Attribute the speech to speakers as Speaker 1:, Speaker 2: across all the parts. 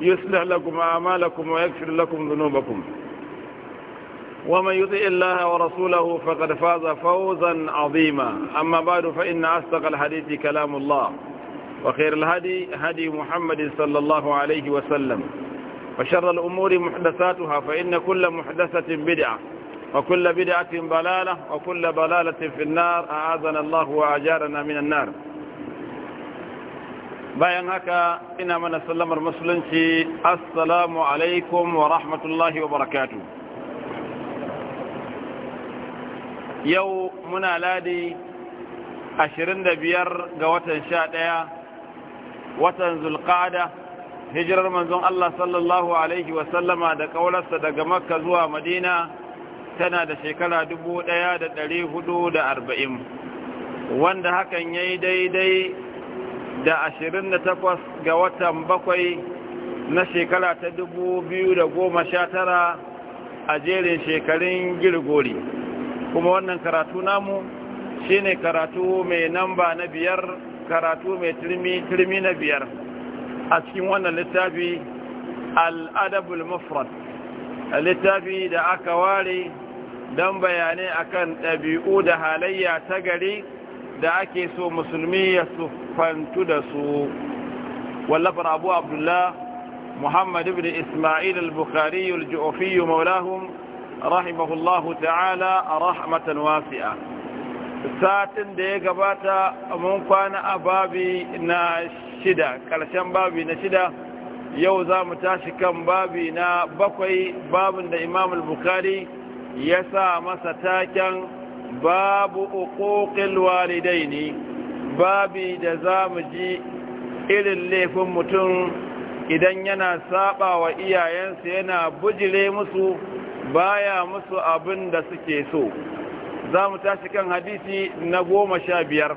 Speaker 1: يصلح لكم أعمالكم ويغفر لكم ذنوبكم ومن يطع الله ورسوله فقد فاز فوزا عظيما أما بعد فإن أصدق الحديث كلام الله وخير الهدي هدي محمد صلى الله عليه وسلم وشر الأمور محدثاتها فإن كل محدثة بدعة وكل بدعة ضلالة وكل ضلالة في النار أعاذنا الله وأجارنا من النار bayan haka ina mana sallamar musulunci assalamu alaikum wa rahmatullahi wa barakatu yau muna ladi 25 ga watan 11 watan zulqada hijirar manzon Allah sallallahu alaihi wa sallama da kaularsa daga makka zuwa madina tana da shekara 1440 wanda hakan yayi daidai da ashirin da takwas ga watan bakwai na shekara ta dubu biyu da goma sha tara a jerin shekarun girgori kuma wannan karatu namu shine karatu mai namba na biyar karatu mai turmi na biyar a cikin wannan littafi al'adabul mufrad littafi da aka ware don bayanai akan ɗabi'u da halayya ta gari da ake so musulmi ya sufantu da su wallafar abu abdullah muhammad ibn ismail al-bukhari al maulahum rahimahullahu ta'ala rahmatan wasi'a satin da ya gabata mun kwana a babi na shida ƙarshen babi na shida yau za mu tashi kan babi na bakwai babin da imam al-bukhari ya sa masa taken babu walidai walidaini babi da zamu ji irin laifin mutum idan yana saba wa iyayensa yana bujile musu baya musu abin da suke so za mu tashi kan hadisi na goma sha biyar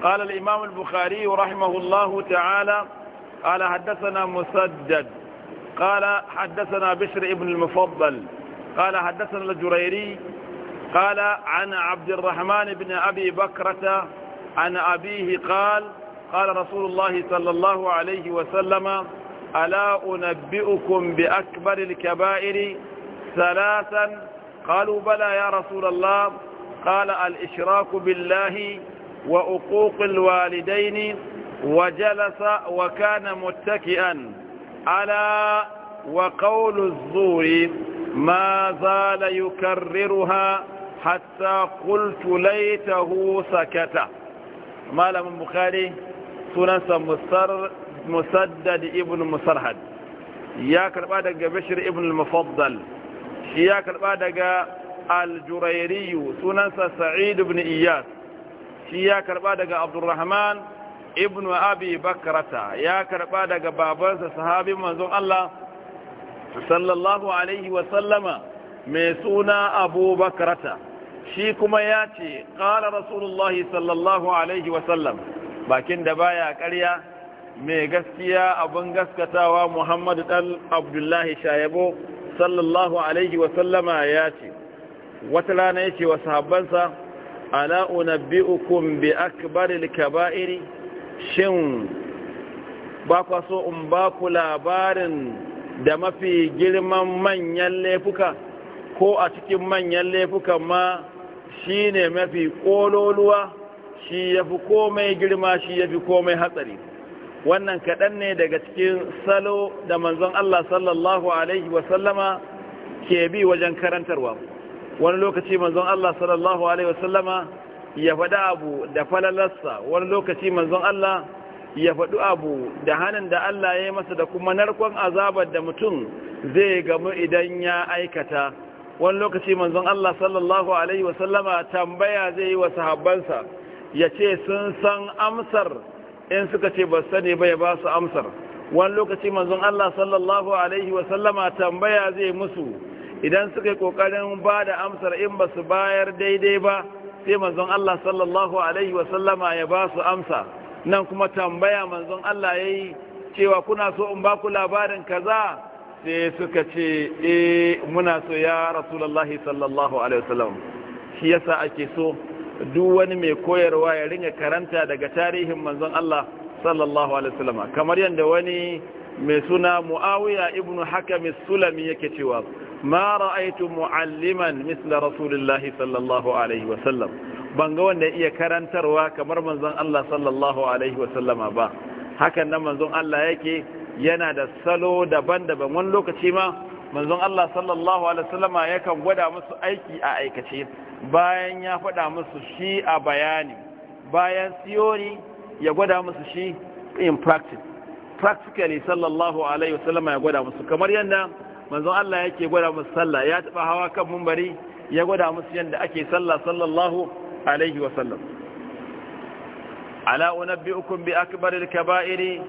Speaker 1: قال الإمام البخاري رحمه الله تعالى قال حدثنا مسدد قال حدثنا بشر ابن المفضل قال حدثنا الجريري قال عن عبد الرحمن بن أبي بكرة عن أبيه قال قال رسول الله صلى الله عليه وسلم ألا أنبئكم بأكبر الكبائر ثلاثا قالوا بلى يا رسول الله قال الإشراك بالله وأقوق الوالدين وجلس وكان متكئا ألا وقول الزور ما زال يكررها hatta qultu laitahu sakata malamin bukhari sunansa musaddad ibn musarhad ya karba daga bashir ibn al-mufaddal shi ya karba daga al sunansa sa'id ibn iyas shi ya karba daga abdurrahman ibn abi bakrata ya karba daga babansa sahabi manzon Allah sallallahu alaihi wa sallama mai suna abu shi kuma ya ce ƙara rasulullahi sallallahu alaihi wasallam bakin da baya karya mai gaskiya abin gaskatawa muhammadu ɗan abdullahi shayabo sallallahu alaihi wasallama ya ce wata rana ya ce wa sahabbansa ala unabbi'ukum bi akbaril kaba'iri shin ba kwa so in ba ku labarin da mafi girman manyan laifuka ko a cikin manyan laifukan ma shi ne mafi ƙololuwa shi ya fi komai girma shi ya fi komai hatsari wannan kaɗan ne daga cikin salo da manzon Allah sallallahu Alaihi wasallama ke bi wajen karantarwa wani lokaci manzon Allah sallallahu Alaihi wasallama ya faɗi abu da falalarsa wani lokaci manzon Allah ya faɗi abu da hannun da Allah ya yi masa da kuma narkon azabar da mutum zai gamu idan ya aikata wani lokaci manzon Allah sallallahu alaihi wasallama tambaya zai yi wa sahabbansa ya ce sun san amsar in suka ce ba sani ba ya ba su amsar wani lokaci manzon Allah sallallahu alaihi wasallama tambaya zai musu idan suka yi kokarin ba da amsar in ba su bayar daidai ba sai manzon Allah sallallahu alaihi wasallama ya ba su amsa nan kuma tambaya manzon Allah ya yi cewa kuna so in ba ku labarin kaza sai suka ce eh muna so ya rasulullahi sallallahu alaihi wasallam shi yasa ake so duk wani mai koyarwa ya ringa karanta daga tarihin manzon Allah sallallahu alaihi wasallam kamar yanda wani mai suna Muawiya ibn Hakim sulami yake cewa ma ra'aytu mu'alliman misla rasulillahi sallallahu alaihi wasallam ban ga wanda iya karantarwa kamar manzon Allah sallallahu alaihi wasallama ba hakan nan manzon Allah yake yana da salo daban-daban wani lokaci ma manzon Allah sallallahu alaihi wasallama yakan gwada musu aiki a aikace bayan ya faɗa musu shi a bayani bayan theory ya gwada musu shi in practice practically sallallahu alaihi wasallama ya gwada musu kamar yadda manzon Allah yake gwada musu sallah ya taba hawa kan mumbari, ya gwada musu yadda ake sallah sallallahu alaihi wasallam ala unabbiukum bi akbaril kaba'iri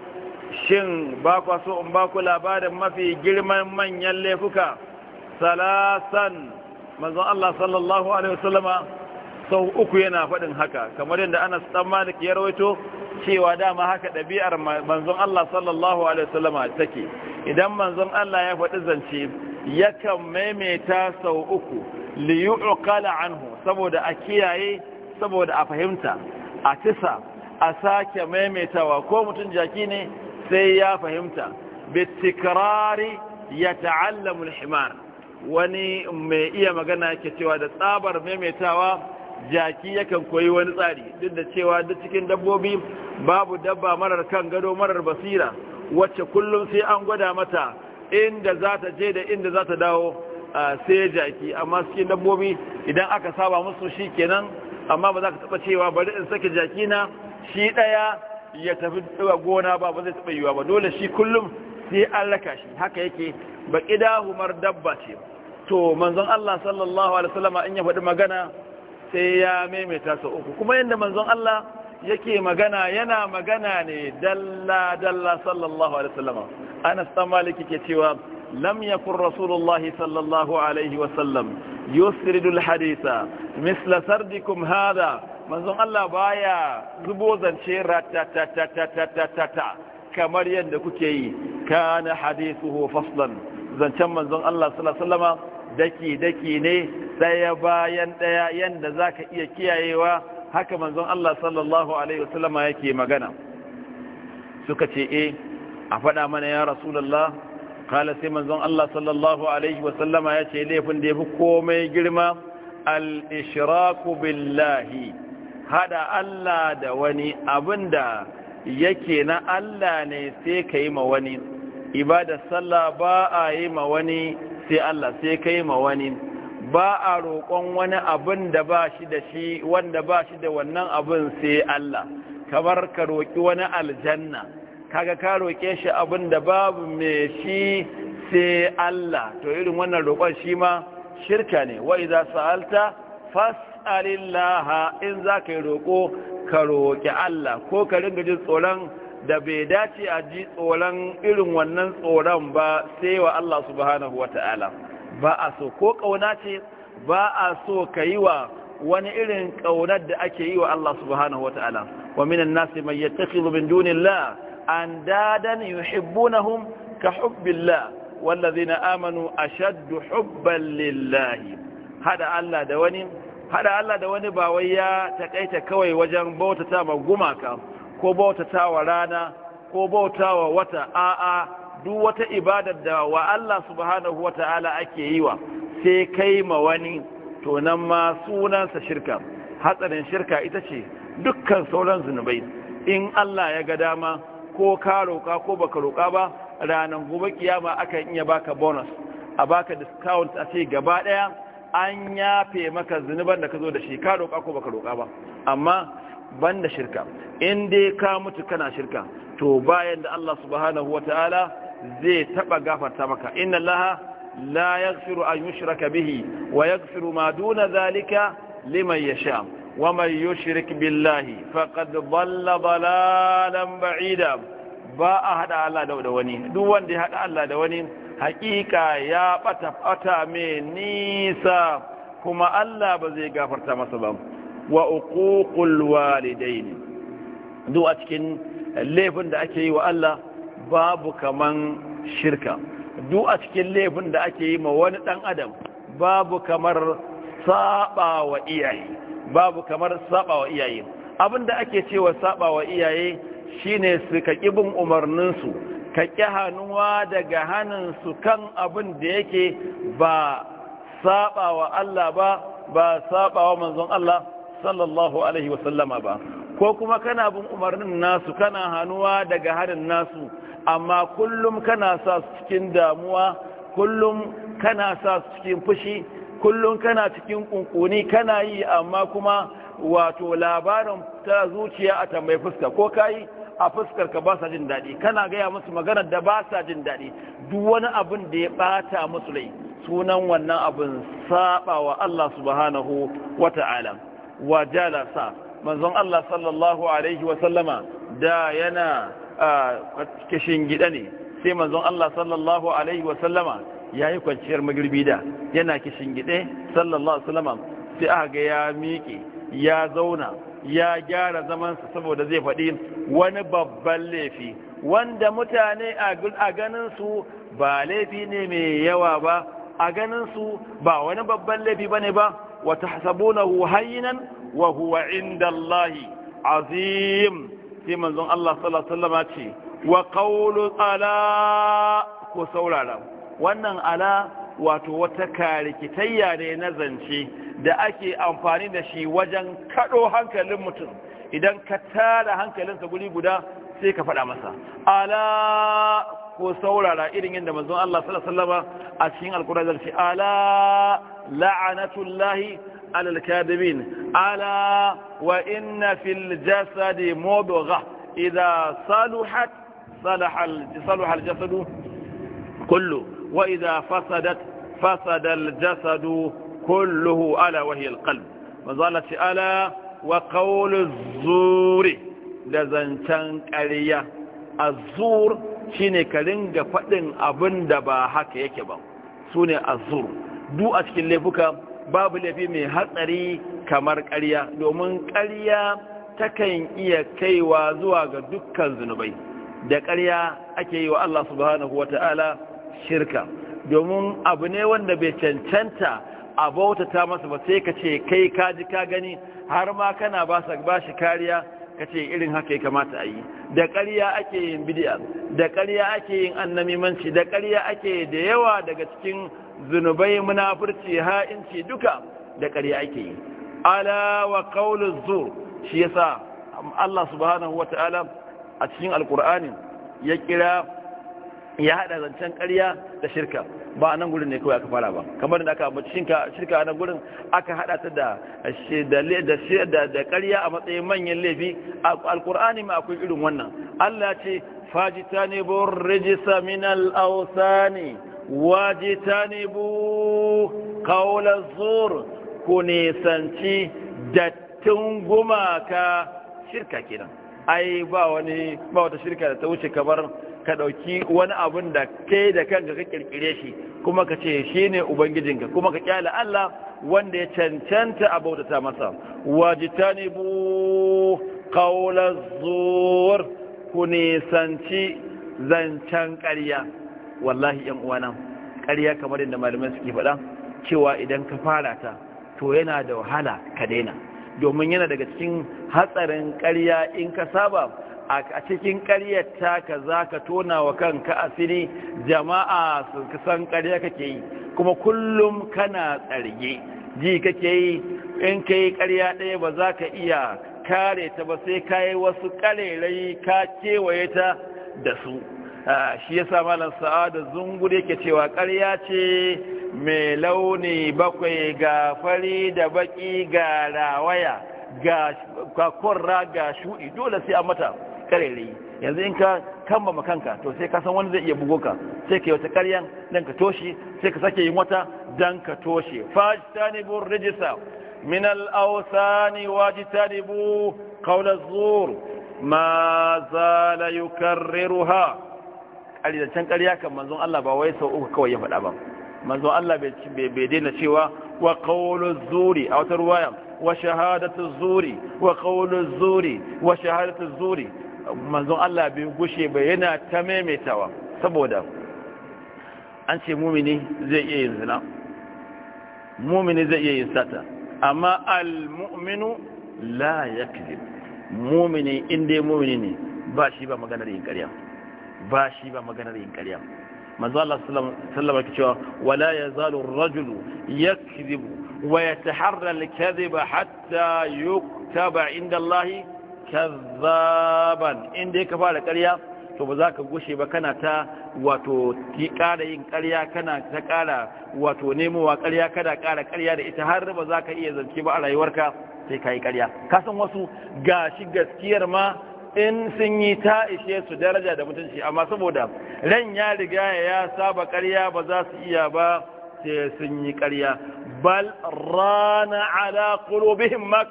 Speaker 1: shin ba kwa so in ba ku labarin mafi girman manyan laifuka salasan manzon Allah sallallahu alaihi wasallama sau uku yana faɗin haka kamar yadda Anas dan Malik ya rawaito cewa dama haka ɗabi'ar manzon Allah sallallahu alaihi wasallama take idan manzon Allah ya faɗi zance yakan maimaita sau uku li yuqala anhu saboda a kiyaye saboda a fahimta a tisa a sake maimaitawa ko mutum jaki ne sai ya fahimta bitikrari ya ta'allamu himar wani mai iya magana ke cewa da tsabar maimaitawa jaki yakan koyi wani tsari duk da cewa duk cikin dabbobi babu dabba marar kan gado marar basira wacce kullum sai an gwada mata inda za ta je da inda za ta dawo sai jaki amma cikin dabbobi idan aka saba musu shi kenan amma ba za ka taba cewa bari in sake na shi ɗaya ya tafi gona ba ba zai taɓa yiwa ba dole shi kullum sai an laka shi haka yake ba ƙidahumar dabba ce to manzon Allah sallallahu alaihi wasallama in ya faɗi magana sai ya maimaita sau uku kuma yadda manzon Allah yake magana yana magana ne dalla dalla sallallahu alaihi wasallama Anas dan Maliki ke cewa lam yakun rasulullahi sallallahu alaihi wasallam yusridul haditha misla sardikum hada manzon Allah baya zubo zance ratatatatatatatata kamar yadda kuke yi kana hadithuhu faslan zancen manzon Allah sallallahu alaihi wasallama daki daki ne daya bayan daya yanda zaka iya kiyayewa haka manzon Allah sallallahu alaihi wasallama yake magana suka ce eh a faɗa mana ya rasulullah kala sai manzon Allah sallallahu alaihi wasallama ya ce laifin da yafi komai girma al-ishraku billahi hada Allah da wani abinda yake na Allah ne sai ka yi ma wani ibada sallah ba a yi ma wani sai Allah sai ka yi ma wani ba a roƙon wani abin da ba shi da shi wanda ba shi da wannan abin sai Allah kamar ka roƙi wani aljanna kaga ka roƙe shi abin da babu mai shi sai Allah to irin wannan roƙon shi ma shirka ne wa idza sa'alta fas fas'alillaha in za ka yi roƙo ka roƙi Allah ko ka ringa jin tsoron da bai dace a ji tsoron irin wannan tsoron ba sai wa Allah subhanahu wa ba a so ko ƙauna ce ba a so ka yi wa wani irin ƙaunar da ake yi wa Allah subhanahu wa ta'ala wa minan nasi mai yattakhidhu min dunillah an dadan yuhibbunahum ka hubbillah wallazina amanu ashaddu hubban lillahi hada Allah da wani hada Allah da wani ba wai ya takaita kawai wajen bautata ma gumaka ko bautata wa rana ko bauta wa wata a'a duk wata ibadar da wa Allah subhanahu wata'ala ake yi wa sai kai ma wani to nan ma sunansa shirka hatsarin shirka ita ce dukkan sauran zunubai in Allah ya ga dama ko ka roka ko baka roka ba Ranan gobe kiyama akan iya baka bonus a baka discount a ce gaba ɗaya an yafe maka zunuban da ka zo da shi ka roƙa ko baka roƙa ba amma banda shirka in dai ka mutu kana shirka to bayan da Allah subhanahu wataala zai taɓa gafarta maka inna laha la yaghfiru an yushraka bihi wa yaghfiru ma duna zalika liman yasha wa mai yushrik billahi faqad dhalla dhalalan ba'ida ba a haɗa Allah da wani duk wanda ya haɗa Allah da wani hakika ya bata bata mai nisa kuma Allah ba zai gafarta masa ba wa uququl walidain duk a cikin laifin da ake yi wa Allah babu kaman shirka duk a cikin laifin da ake yi ma wani dan adam babu kamar saba wa iyaye babu kamar saba wa iyaye abinda ake cewa saba wa iyaye shine su kaki bin umarninsu ka ƙi hannuwa daga hannunsu kan abin da yake ba saba wa Allah ba ba saba wa manzon Allah sallallahu alaihi wasallama ba ko kuma kana bin umarnin nasu kana hannuwa daga hannun nasu amma kullum kana sa su cikin damuwa kullum kana sa su cikin fushi kullum kana cikin kunkuni kana yi amma kuma wato labarin ta zuciya a tambayi fuska ko kayi a fuskar ka ba sa jin daɗi kana gaya musu maganar da ba sa jin daɗi duk wani abin da ya ɓata musu rai sunan wannan abin saba wa Allah subhanahu wa ta'ala wa jalasa manzon Allah sallallahu alaihi wa sallama da yana kishin gida ne sai manzon Allah sallallahu alaihi wa sallama yayi kwanciyar magirbi da yana kishin gida sallallahu alaihi wa sallama sai aka ga ya miƙe ya zauna ya gyara zamansa saboda zai faɗi wani babban laifi wanda mutane a ganinsu ba laifi ne mai yawa ba a ganinsu ba wani babban laifi ba ne ba wata hasabunahu hayyinan wa huwa inda azim sai manzon Allah sallallahu ce wa qawlu ala ko saurara wannan ala wato wata karikitayya ne na zance da ake amfani da shi wajen kaɗo hankalin mutum idan ka tara hankalinsa guri guda sai ka faɗa masa ala ko saurara irin yadda mazun Allah sallallahu a cikin alkur'ani zai ala la'anatullahi alal kadibin ala wa inna fil jasadi mudghah idza saluhat salaha al jasadu kullu wa idza fasadat fasada al jasadu kulluhu ala wahiyar kalb manzo Allah ce ala wa qawlu zuri da zancen ƙarya azur shine ka ringa faɗin abin da ba haka yake ba sune azur Duk a cikin laifuka babu laifi mai hatsari kamar ƙarya domin ƙarya takan iya kaiwa zuwa ga dukkan zunubai da ƙarya ake yi wa Allah subhanahu wata'ala shirka domin abu ne wanda bai cancanta a bautata masa ba sai ka ce kai ka ji ka gani har ma kana ba shi kariya ka ce irin haka ya kamata a yi da karya ake yin bidiya da karya ake yin annamimanci da karya ake da yawa daga cikin zunubai munafurci ha'inci duka da karya ake yi ala wa qauluz zur shi yasa Allah subhanahu ta'ala a cikin alqur'ani ya kira ya haɗa zancen ƙarya da shirka ba a nan gurin ne kawai aka fara ba kamar da aka ambaci shirka a nan gurin aka hada ta da da karya a matsayin manyan laifi alkur'ani ma akwai irin wannan Allah ce fajitanibu rijisa min al-awsani bu kawular zur ku nisanci dattin gumaka shirka kenan ai ba wani ba wata shirka da ta wuce kamar ka ɗauki wani abun da kai da kanka ka ƙirƙire shi kuma ka ce shi ne ubangijinka kuma ka kyala Allah wanda ya cancanta a bautata masa wajitani bu kaular zuwar ku nisanci zancen ƙarya wallahi yan uwana ƙarya kamar yadda malamai suke faɗa cewa idan ka fara ta to yana da wahala ka daina domin yana daga cikin hatsarin karya in ka saba a cikin ƙaryar taka za ka tona wa kanka asiri jama'a su san ƙarya kake yi kuma kullum kana tsarge ji kake yi in ka yi ƙarya ɗaya ba za ka iya kare ta ba sai ka yi wasu ƙarerai ka kewaye ta da su shi ya sa malar sa'adar Zungure ke cewa ƙarya ce mai launi bakwai ga fari da baki ga rawaya ga kurra ga shuɗi dole sai a mata karere yanzu in ka kamba kanka to sai ka san wani zai iya bugo ka sai ka yi wata karyan dan ka toshe sai ka sake yin wata dan ka toshe fajtanibu rijista, min al-awsani wajtanibu qawl az-zur ma zala yukarriruha alidan karya kan manzon Allah ba wai sau uku kawai ya faɗa ba manzon Allah bai daina cewa wa qawlu zuri a wata waya, wa shahadatu zuri wa qawlu zuri wa shahadatu zuri manzon Allah bai gushe ba yana ta maimaitawa saboda an ce mumini zai iya yin zina mumini zai iya yin sata amma al-mu'minu la yakzib mumini inda mumini ne ba shi ba maganar yin ƙarya ba shi ba maganar yin ƙarya manzo Allah sallama ki cewa wala yazalu ar-rajulu yakzibu wa yataharra al-kadhiba hatta yuktaba inda Allah kazzaban in ya ka fara ƙarya to ba za ka gushe ba kana ta wato ti ƙara yin ƙarya kana ta ƙara wato nemowa ƙarya kada ƙara ƙarya da ita har ba za ka iya zance ba a rayuwarka sai ka yi ƙarya ka san wasu gashi gaskiyar ma in sun yi ta ishe su daraja da mutunci amma saboda ran ya riga ya saba ƙarya ba za su iya ba sai sun yi ƙarya bal rana ala qulubihim ma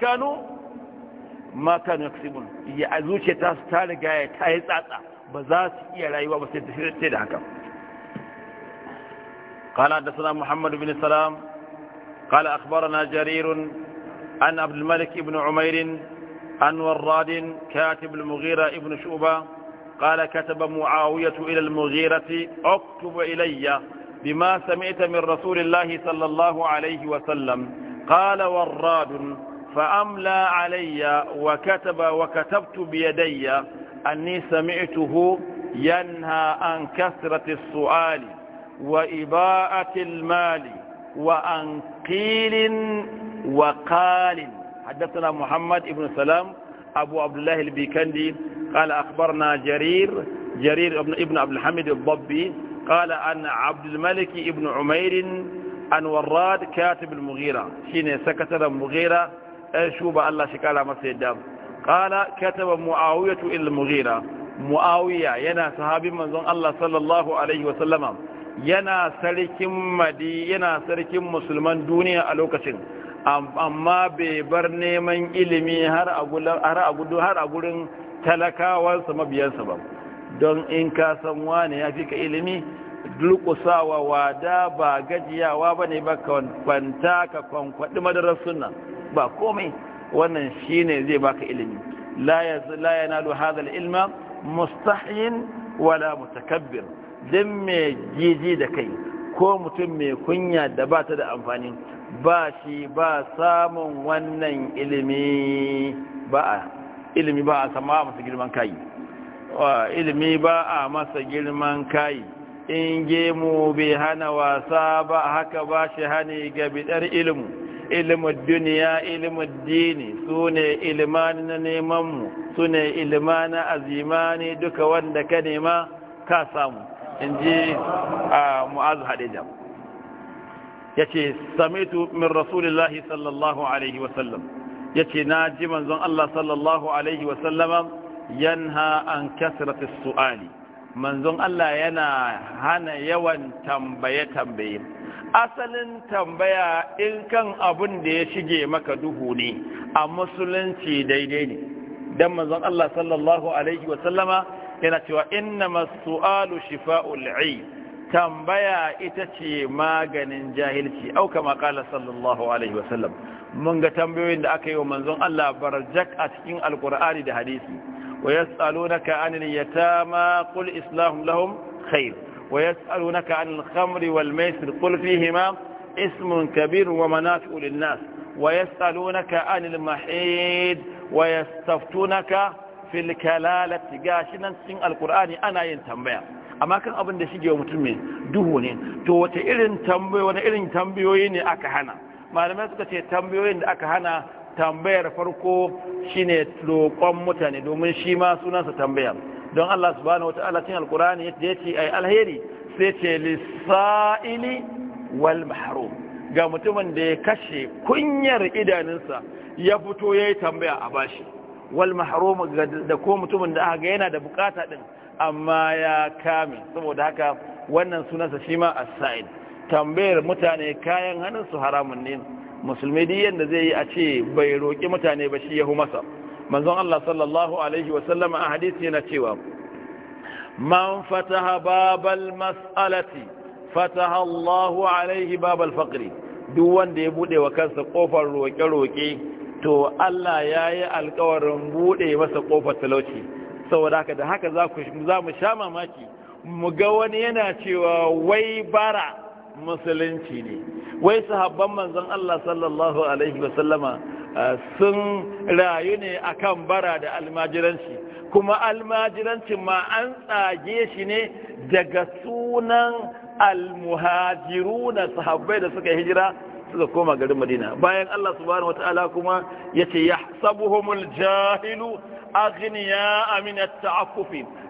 Speaker 1: ma kanu yaksibun ya zuciya ta su ta riga ya ta yi tsatsa ba za su iya rayuwa ba sai tafi da haka قال حدثنا محمد بن سلام قال أخبرنا جرير عن عبد الملك بن عمير عن وراد كاتب المغيرة ابن شعبة قال كتب معاوية إلى المغيرة اكتب إلي بما سمعت من رسول الله صلى الله عليه وسلم قال وراد فأملى علي وكتب وكتبت بيدي أني سمعته ينهى عن كثرة السؤال وإباءة المال وأن قيل وقال حدثنا محمد بن سلام أبو عبد الله البيكندي قال أخبرنا جرير جرير ابن عبد الحميد الضبي قال أن عبد الملك ابن عمير أن وراد كاتب المغيرة حين سكت المغيرة shuba Allah shi kara masa yadda Ƙala kataba muawiyatu il mughira muawiya yana sahabin manzon Allah sallallahu alaihi wa sallama yana sarkin madi yana sarkin musulman duniya a lokacin amma bai bar neman ilimi har a gurin talakawarsa mabiyansa ba don in ka san wane ya fi ka ilimi dulkusawa wada ba gajiyawa ba ne ba kwanta ka kwankwaɗi madarar sunan ba komai wannan shine zai baka ilimi la nalu hadha ilma mustahyin wala mutakabbir dan mai jiji da kai ko mutum mai kunya da ba ta da amfani ba shi ba samun wannan ilimi ba ilimi ba a sama masa girman kai ilimi ba a masa girman kai in gemu bai hana wasa ba haka ba shi hani ga bidar ilmu ilimin duniya ilimin dini su ne ilimani na nemanmu su ne ilimani azimani duka wanda ka nema ka samu in ji mu'azu hadijam ya ce samitu min rasulullahi sallallahu alaihi wasallam ya ce na ji manzon Allah sallallahu alaihi wasallama yanha an kasratis su'ali manzon Allah yana hana yawan tambaye-tambaye asalin tambaya in kan abun da ya shige maka duhu ne a musulunci daidai ne don manzon Allah sallallahu Alaihi wasallama yana cewa inna masu'alu shifa'ul ai tambaya ita ce maganin jahilci auka makala sallallahu Alaihi wasallam mun ga tambayoyin da aka yi wa manzon Allah barjak a cikin Alƙur'ani da hadisi ويسألونك عن اليتامى قل إسلام لهم خير ويسألونك عن الخمر والميسر قل فيهما اسم كبير ومنافع للناس ويسألونك عن المحيد ويستفتونك في الكلالة قاشنا سن القرآن أنا ينتمبع أما كان أبن دشيجي ومتمين دهونين تو وتئرن تنبي ونئرن تنبيوين أكهنا ما لم يسكت تنبيوين أكهنا tambayar farko shine roƙon mutane domin shi ma sunansa tambaya don Allah subhanahu wata'ala cikin alkurani ya ce ai alheri sai ce Lissa'ili wal mahrum ga mutumin da ya kashe kunyar idanunsa ya fito ya yi tambaya a bashi wal mahrum da ko mutumin da aka yana da bukata din amma ya kame saboda haka wannan sunansa shi ma as-sa'id tambayar mutane kayan hannun su haramun ne musulmi duk yadda zai yi a ce bai roƙi mutane ba shi yahu masa manzon Allah sallallahu alaihi a hadisi yana cewa man fataha babal mas'alati fataha Allah alaihi babal faqri duk wanda ya bude wa kansa kofar roƙe-roƙe to Allah ya yi alkawarin buɗe masa ƙofar talauci saboda haka da haka za mu sha mamaki mu ga wani yana cewa wai bara musulunci ne wai sahabban manzon Allah sallallahu alaihi wasallama sun rayu ne akan bara da almajiranci kuma almajiranci ma an tsage shi ne daga sunan na sahabbai da suka hijira suka koma garin Madina bayan Allah subhanahu wataala kuma yace yahsabuhumul jahilu aghniya min at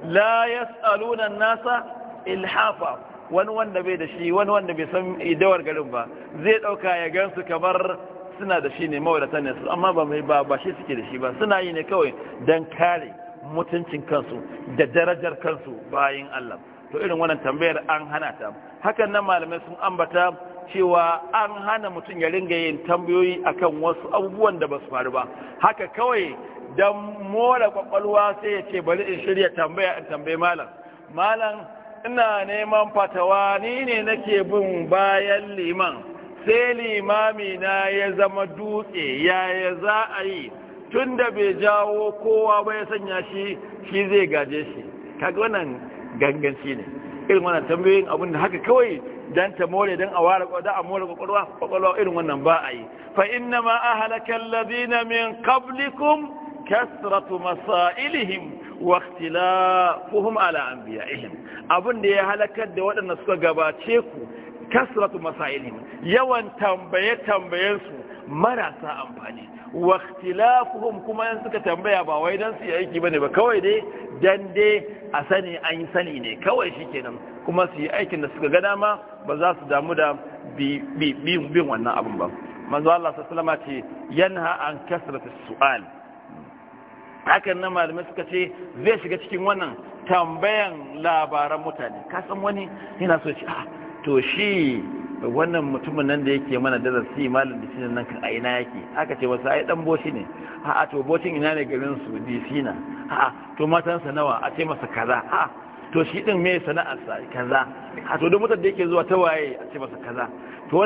Speaker 1: la yas'aluna an-nasa ilhafa wani wanda bai da shi wani wanda bai san idawar garin ba zai dauka ya gansu kamar suna da shi ne mawadatan ne amma ba mai ba ba shi suke da shi ba suna yi ne kawai don kare mutuncin kansu da darajar kansu bayan Allah to irin wannan tambayar an hana ta hakan nan malamai sun ambata cewa an hana mutum ya ringa yin tambayoyi akan wasu abubuwan da ba su faru ba haka kawai dan more kwakwalwa sai ya ce bari in shirya tambaya in tambaye malam malam ina neman fatawa ni ne nake bin bayan liman sai limami na ya zama dutse yaya za a yi tun da bai jawo kowa ba ya sanya shi shi zai gaje shi kaga wannan ganganci ne irin wannan tambayoyin abin da haka kawai dan ta more dan a ware kwada, a more kwakwalwa kwakwalwa irin wannan ba a yi fa inna ma ahlaka alladhina min qablikum kasratu masailihim wa ikhtilafuhum ala biya. abin da ya halakar da waɗanda suka gabace ku kasratu masailihim yawan tambaye tambayensu marasa amfani wa ikhtilafuhum kuma yan suka tambaya ba wai dan su yi aiki bane ba kawai dai dan dai a sani an yi sani ne kawai shi kenan kuma su yi aikin da suka ga dama ba za su damu da bin wannan abin ba manzo Allah sallallahu alaihi wasallam ce yanha an kasratu su'al hakan na malamai suka ce zai shiga cikin wannan tambayan labaran mutane kasan wani yana so ce ah, to shi wannan mutumin nan da yake mana darasi malam shi nan kan a'ina yake aka ce wasu ai dan boshi ne a to bocin ina ne garin su DC na a to matansa nawa a ce masa kaza a to shi din me sana'arsa kaza a to duk mutan da yake zuwa ta waye a ce masa kaza to